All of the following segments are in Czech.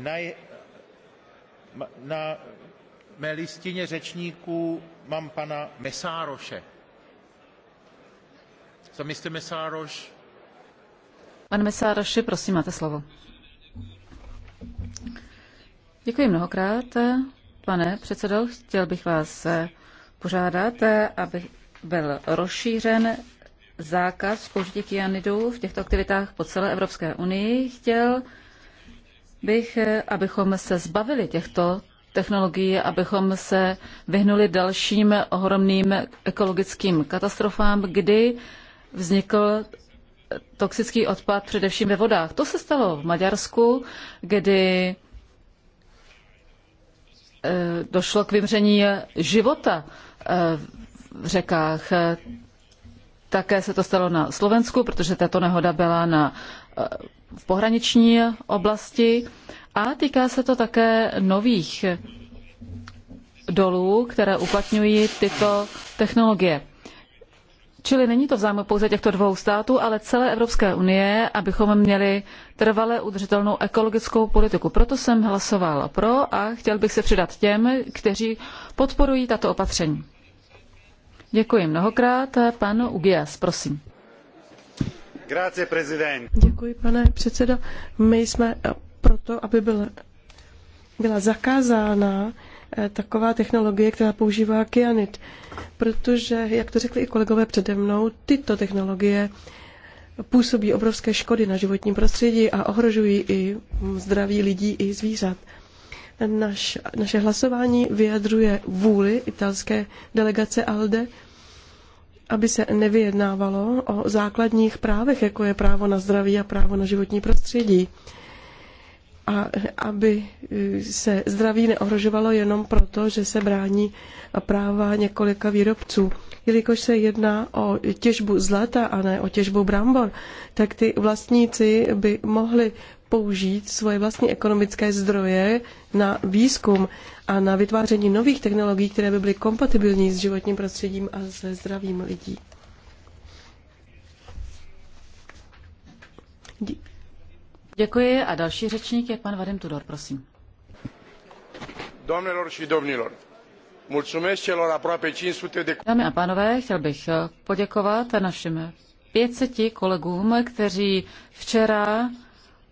Na, na mé listině řečníků mám pana Mesároše. Co myslíte, Mesároš. Pane Mesároši, prosím, máte slovo. Děkuji mnohokrát, pane předsedo. Chtěl bych vás požádat, aby byl rozšířen zákaz použití kyanidů v těchto aktivitách po celé Evropské unii. Chtěl bych, eh, abychom se zbavili těchto technologií, abychom se vyhnuli dalším ohromným ekologickým katastrofám, kdy vznikl toxický odpad především ve vodách. To se stalo v Maďarsku, kdy eh, došlo k vymření života eh, v řekách. Také se to stalo na Slovensku, protože tato nehoda byla na v pohraniční oblasti a týká se to také nových dolů, které uplatňují tyto technologie. Čili není to v zájmu pouze těchto dvou států, ale celé Evropské unie, abychom měli trvale udržitelnou ekologickou politiku. Proto jsem hlasoval pro a chtěl bych se přidat těm, kteří podporují tato opatření. Děkuji mnohokrát. Pan Ugias, prosím. Děkuji, pane předsedo. My jsme eh, proto, aby byla, byla zakázána eh, taková technologie, která používá kyanid. Protože, jak to řekli i kolegové přede mnou, tyto technologie působí obrovské škody na životním prostředí a ohrožují i zdraví lidí i zvířat. Naš, naše hlasování vyjadřuje vůli italské delegace ALDE aby se nevyjednávalo o základních právech, jako je právo na zdraví a právo na životní prostředí. A aby eh, se zdraví neohrožovalo jenom proto, že se brání práva několika výrobců. Jelikož se jedná o těžbu zlata a ne o těžbu brambor, tak ty vlastníci by mohli použít svoje vlastní ekonomické zdroje na výzkum a na vytváření nových technologií, které by byly kompatibilní s životním prostředím a se zdravím lidí. Děkuji a další řečník je pan Vadim Tudor, prosím. Dámy a pánové, chtěl bych poděkovat našim 500 kolegům, kteří včera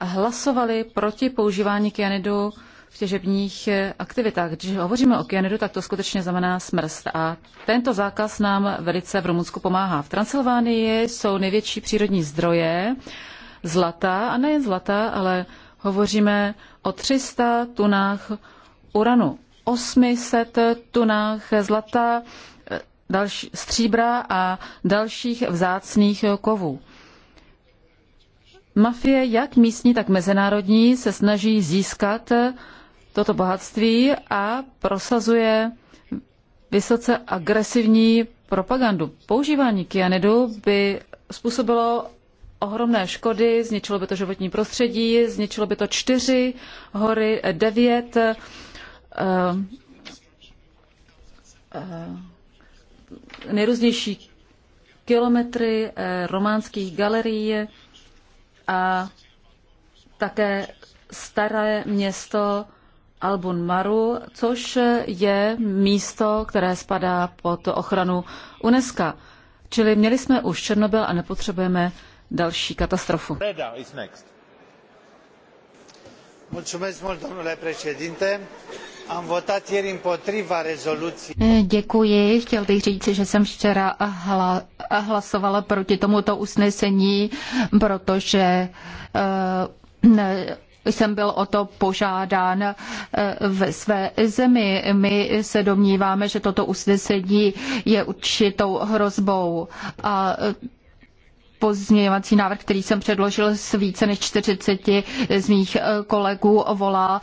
hlasovali proti používání kyanidu v těžebních eh, aktivitách. Když hovoříme o kyanidu, tak to skutečně znamená smrst. A tento zákaz nám velice v Rumunsku pomáhá. V Transylvánii jsou největší přírodní zdroje zlata, a nejen zlata, ale hovoříme o 300 tunách uranu, 800 tunách zlata, eh, další, stříbra a dalších vzácných kovů. Mafie, jak místní, tak mezinárodní, se snaží získat toto bohatství a prosazuje vysoce agresivní propagandu. Používání kyanidu by způsobilo ohromné škody, zničilo by to životní prostředí, zničilo by to čtyři hory, devět eh, eh nejrůznější kilometry eh, románských galerií, a také staré město Albun Maru, což je místo, které spadá pod ochranu UNESCO. Čili měli jsme už Černobyl a nepotřebujeme další katastrofu. is next. Mulțumesc domnule Eh, děkuji. Chtěl bych říct, že jsem včera hla, hlasovala proti tomuto usnesení, protože uh, ne, jsem byl o to požádán eh, ve své zemi. My se domníváme, že toto usnesení je určitou hrozbou a pozměňovací návrh, který jsem předložil s více než 40 z mých eh, kolegů, volá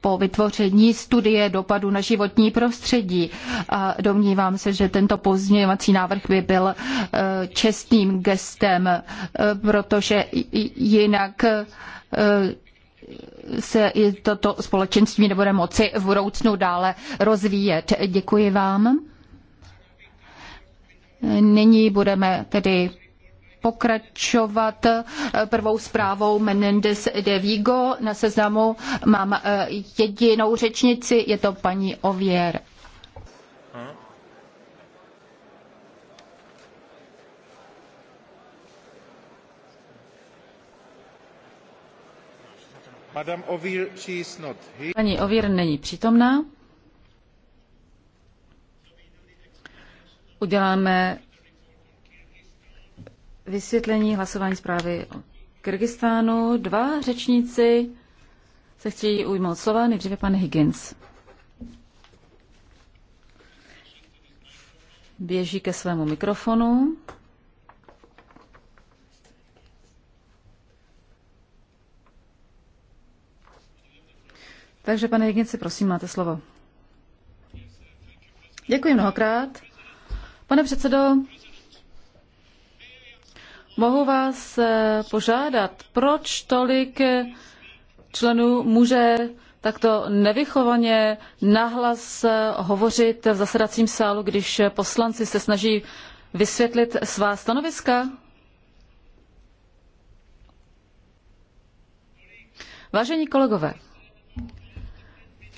po vytvoření studie dopadu na životní prostředí. A domnívám se, že tento pozměňovací návrh by byl eh, čestným gestem, eh, protože jinak se toto společenství nebude moci v budoucnu dále rozvíjet. Děkuji vám. Nyní budeme tedy pokračovat eh, prvou zprávou Menendez de Vigo. Na seznamu mám eh, jedinou řečnici, je to paní Ovier. Paní Ovír není přítomná. Uděláme vysvětlení hlasování zprávy o Kyrgyzstánu. Dva řečníci se chtějí ujmout slova. Nejdříve pan Higgins. Běží ke svému mikrofonu. Takže, pane Hignici, prosím, máte slovo. Děkuji mnohokrát. Pane předsedo, Mohu vás eh, požádat, proč tolik eh, členů může takto nevychovaně nahlas eh, hovořit v zasedacím sálu, když poslanci se snaží vysvětlit svá stanoviska? Vážení kolegové,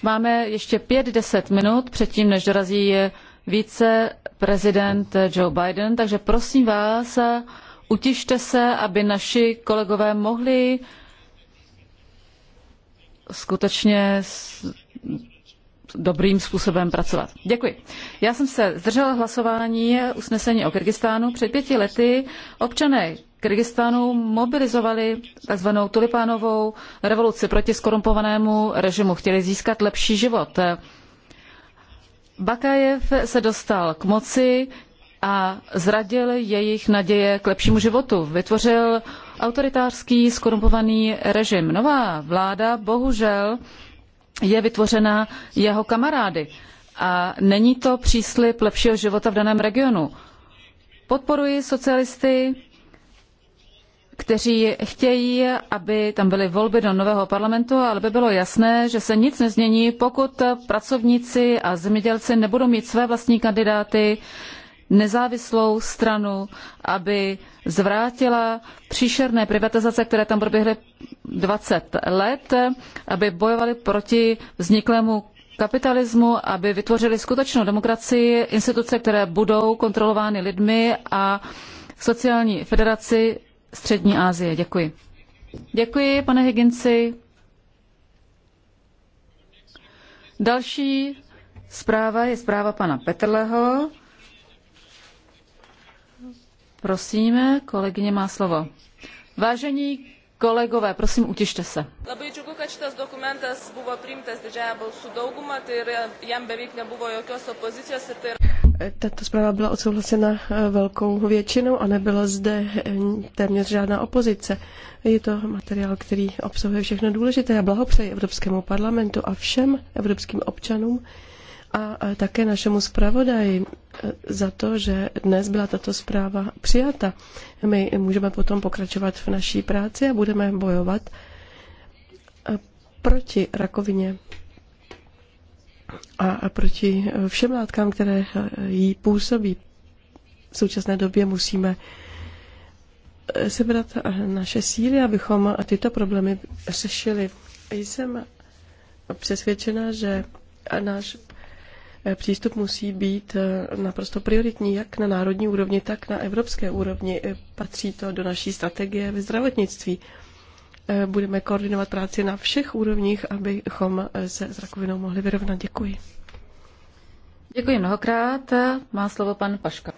máme ještě pět deset minut předtím, než dorazí více prezident Joe Biden, takže prosím vás, utište se, aby naši kolegové mohli skutečně s dobrým způsobem pracovat. Děkuji. Já jsem se zdržela hlasování usnesení o Kyrgyzstánu. Před pěti lety občané Kyrgyzstánu mobilizovali tzv. tulipánovou revoluci proti skorumpovanému režimu. Chtěli získat lepší život. Bakajev se dostal k moci, a zradil jejich naděje k lepšímu životu. Vytvořil autoritářský, skorumpovaný režim. Nová vláda bohužel je vytvořena jeho kamarády a není to příslip lepšího života v daném regionu. Podporuji socialisty, kteří chtějí, aby tam byly volby do nového parlamentu, ale by bylo jasné, že se nic nezmění, pokud pracovníci a zemědělci nebudou mít své vlastní kandidáty, nezávislou stranu, aby zvrátila příšerné privatizace, které tam proběhly 20 let, aby bojovali proti vzniklému kapitalismu, aby vytvořili skutečnou demokracii, instituce, které budou kontrolovány lidmi a sociální federaci Střední Asie. Děkuji. Děkuji, pane Higginsi. Další zpráva je zpráva pana Petrleho Prosím, kolegyně má slovo. Vážení kolegové, prosím, utište se. Labai džiugu, kad šitas dokumentas buvo priimtas didžiaja balsų dauguma, tai ir jam beveik nebuvo jokios opozicijos. Ir tai... Tato zpráva byla odsouhlasena eh, velkou většinou a nebyla zde eh, téměř žádná opozice. Je to materiál, který obsahuje všechno důležité a blahopřeji Evropskému parlamentu a všem evropským občanům, a také našemu zpravodaji e, za to, že dnes byla tato zpráva přijata. My můžeme potom pokračovat v naší práci a budeme bojovat e, proti rakovině a proti všem látkám, které e, jí působí. V současné době musíme sebrat naše síly, abychom tyto problémy řešili. Jsem přesvědčena, že náš Eh, přístup musí být eh, naprosto prioritní, jak na národní úrovni, tak na evropské úrovni. Eh, patří to do naší strategie ve zdravotnictví. Budeme koordinovat práci na všech úrovních, abychom se s rakovinou mohli vyrovnat. Děkuji. Děkuji mnohokrát. Má slovo pan Paška.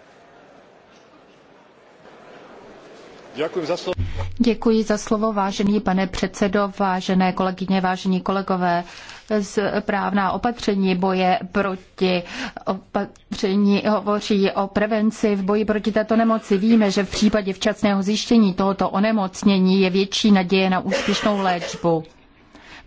Děkuji za slovo. Děkuji za slovo, vážený pane předsedo, vážené kolegyně, vážení kolegové. Správná opatření boje proti opatření hovoří o prevenci v boji proti této nemoci. Víme, že v případě včasného zjištění tohoto onemocnění je větší naděje na úspěšnou léčbu.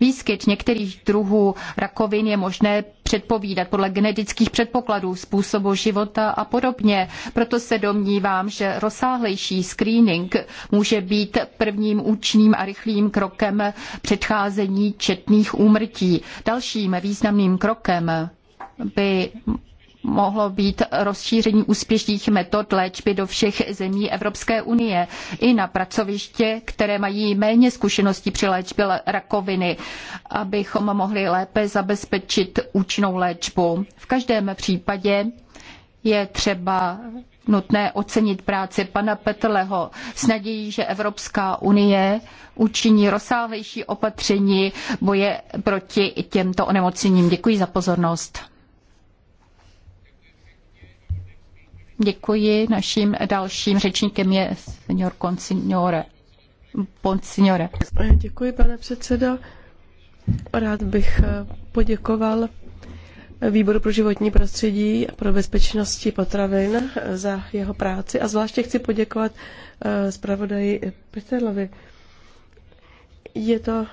Výskyt některých druhů rakovin je možné předpovídat podle genetických předpokladů, způsobu života a podobně. Proto se domnívám, že rozsáhlejší screening může být prvním účinným a rychlým krokem předcházení četných úmrtí. Dalším významným krokem by mohlo být rozšíření úspěšných metod léčby do všech zemí Evropské unie i na pracoviště, které mají méně zkušeností při léčbě rakoviny, abychom mohli lépe zabezpečit účinnou léčbu. V každém případě je třeba nutné ocenit práci pana Petleho s nadějí, že Evropská unie učiní rozsáhlejší opatření boje proti těmto onemocněním. Děkuji za pozornost. Děkuji. Naším dalším řečníkem je senior Monsignore. Monsignore. Děkuji, pane předsedo. Rád bych eh, poděkoval Výboru pro životní prostředí a pro bezpečnosti potravin eh, za jeho práci a zvláště chci poděkovat eh, zpravodaji Peterlovi. Je to,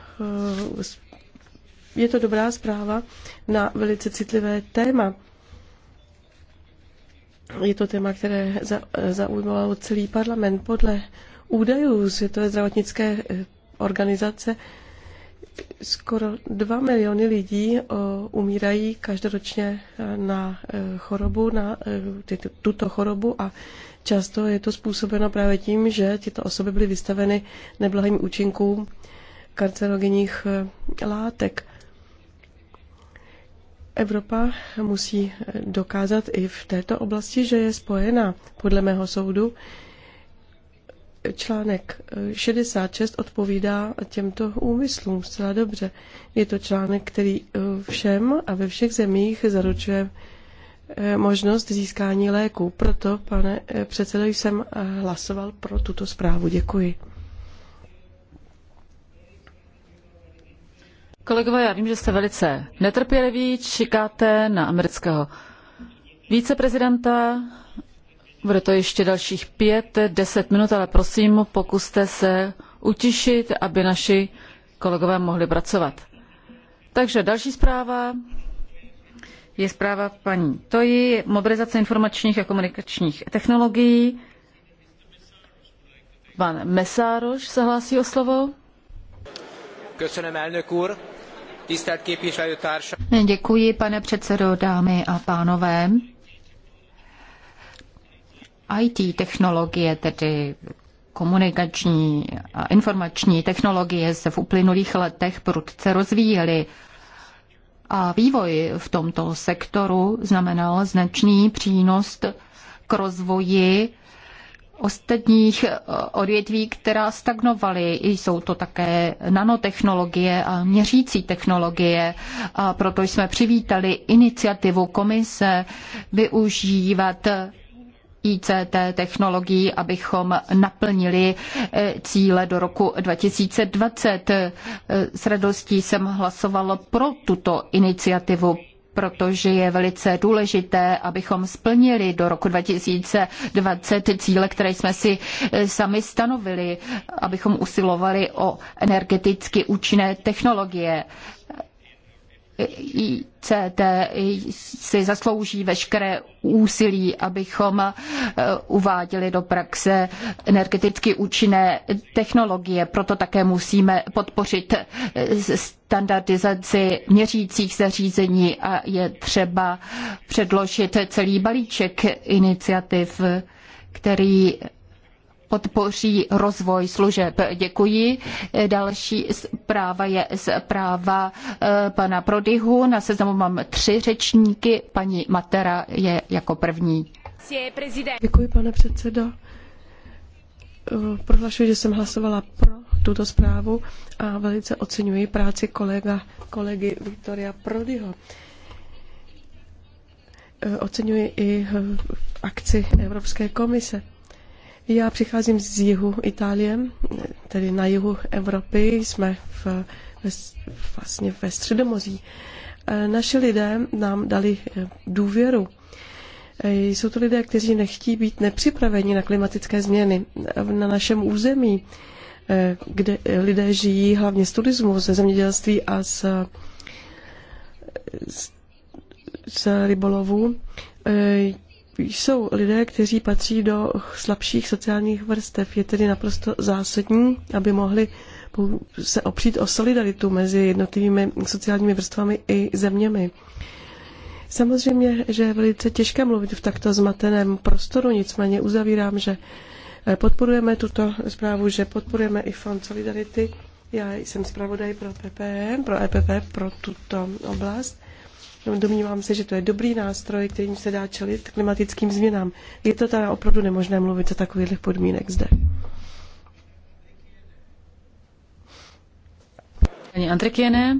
je to dobrá zpráva na velice citlivé téma. Je to téma, které zaujímalo celý parlament. Podle údajů Světové zdravotnické eh, organizace skoro 2 miliony lidí umírají každoročně eh, na eh, chorobu, na tuto chorobu a často je to způsobeno právě tím, že tyto osoby byly vystaveny neblahým účinkům karcinogenních látek. Evropa musí eh, dokázat i v této oblasti, že je spojená, podle mého soudu, článek 66 eh, odpovídá těmto úmyslům zcela dobře. Je to článek, který eh, všem a ve všech zemích zaručuje možnost získání léku. Proto, pane předsedo, jsem hlasoval pro tuto zprávu. Děkuji. Kolegové, já vím, že jste velice netrpěliví, čekáte na amerického viceprezidenta. Bude to ještě dalších pět, deset minut, ale prosím, pokuste se utišit, aby naši kolegové mohli pracovat. Takže další zpráva je zpráva paní Toji, mobilizace informačních a komunikačních technologií. Pan Mesároš se hlásí o slovo. Köszönöm, elnök úr! Děkuji, pane předsedo, dámy a pánové. IT technologie, tedy komunikační a informační technologie se v uplynulých letech prudce rozvíjely. A vývoj v tomto sektoru znamenal značný přínos k rozvoji ostatních eh, odvětví, která stagnovaly. Jsou to také nanotechnologie a měřící technologie. A proto jsme přivítali iniciativu komise využívat ICT technologií, abychom naplnili eh, cíle do roku 2020. Eh, s radostí jsem hlasoval pro tuto iniciativu, protože je velice důležité, abychom splnili do roku 2020 cíle, které jsme si e, sami stanovili, abychom usilovali o energeticky účinné technologie. ICT si zaslouží veškeré úsilí, abychom eh, uváděli do praxe energeticky účinné technologie. Proto také musíme podpořit eh, standardizaci měřících zařízení a je třeba předložit celý balíček iniciativ, který podpoří rozvoj služeb. Děkuji. Další zpráva je zpráva eh, pana Prodiho. Na seznamu mám tři řečníky. Paní Matera je jako první. Děkuji, pane předsedo. Eh, prohlašuji, že jsem hlasovala pro tuto zprávu a velice oceňuji práci kolega, kolegy Viktoria Prodyho eh, oceňuji i akci Evropské komise. Já přicházím z jihu Itálie, tedy na jihu Evropy, jsme v, v, vlastně ve Středomoří. E, naši lidé nám dali e, důvěru. E, jsou to lidé, kteří nechtí být nepřipraveni na klimatické změny. Na našem území, kde lidé žijí hlavně z turismu, ze zemědělství a z, z, z rybolovu, jsou lidé, kteří patří do slabších sociálních vrstev. Je tedy naprosto zásadní, aby mohli se opřít o solidaritu mezi jednotlivými sociálními vrstvami i zeměmi. Samozřejmě, že je velice těžké mluvit v takto zmateném prostoru, nicméně uzavírám, že eh, podporujeme tuto zprávu, že podporujeme i Fond Solidarity. Já jsem zpravodaj pro PPM, e, pro EPP, pro tuto oblast. No, domnívám se, že to je dobrý nástroj, kterým se dá čelit klimatickým změnám. Je to teda opravdu nemožné mluvit o takových podmínek zde. Paní Andrikiene,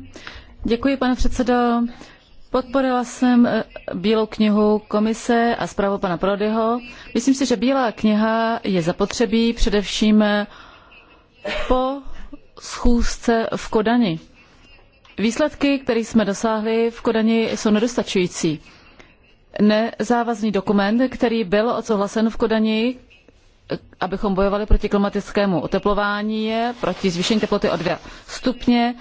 děkuji pane předsedo. Podporila jsem eh, Bílou knihu komise a zprávu pana Prodyho. Myslím si, že Bílá kniha je zapotřebí především eh, po schůzce v Kodani. Výsledky, které jsme dosáhli v Kodani, jsou nedostačující. Nezávazný dokument, který byl odsouhlasen v Kodani, abychom bojovali proti klimatickému oteplování, proti zvýšení teploty o 2 stupně,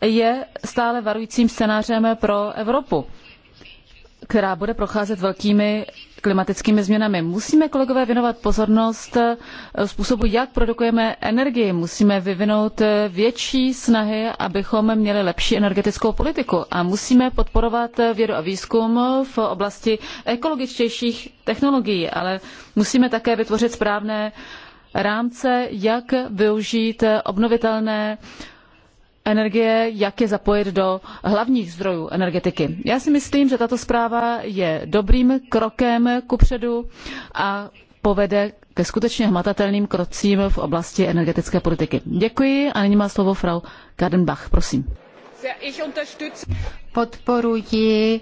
je stále varujícím scénářem pro Evropu, která bude procházet velkými klimatickými změnami. Musíme, kolegové, věnovat pozornost eh, způsobu, jak produkujeme energii. Musíme vyvinout eh, větší snahy, abychom měli lepší energetickou politiku. A musíme podporovat eh, vědu a výzkum v oblasti ekologičtějších technologií, ale musíme také vytvořit správné rámce, jak využít obnovitelné uh, energie, jak je zapojit do hlavních zdrojů energetiky. Já si myslím, že tato zpráva je dobrým krokem kupředu a povede ke skutečně hmatatelným krocím v oblasti energetické politiky. Děkuji a nyní má slovo Frau Kadenbach, prosím. Podporuji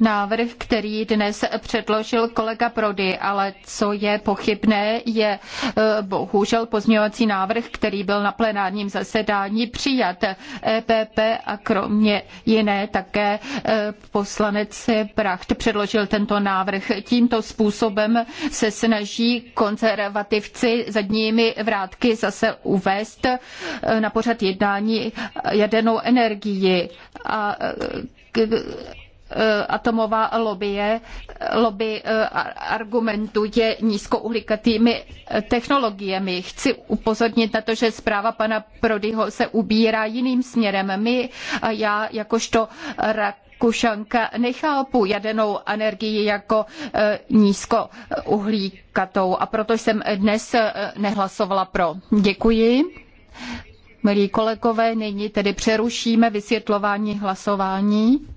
návrh, který dnes předložil kolega Prody, ale co je pochybné, je eh, bohužel pozměňovací návrh, který byl na plenárním zasedání přijat EPP a kromě jiné také eh, poslanec Pracht předložil tento návrh. Tímto způsobem se snaží konzervativci zadními vrátky zase uvést eh, na pořad jednání jadernou energii. A Eh, atomová lobby, lobby eh, argumentuje nízkouhlíkatými eh, technologiemi. Chci upozornit na to, že zpráva pana Prodyho se ubírá jiným směrem. My a já jakožto rak Kušanka nechápu jadernou energii jako e, nízkouhlíkatou a proto jsem dnes nehlasovala pro. Děkuji. Milí kolegové, nyní tedy přerušíme vysvětlování hlasování.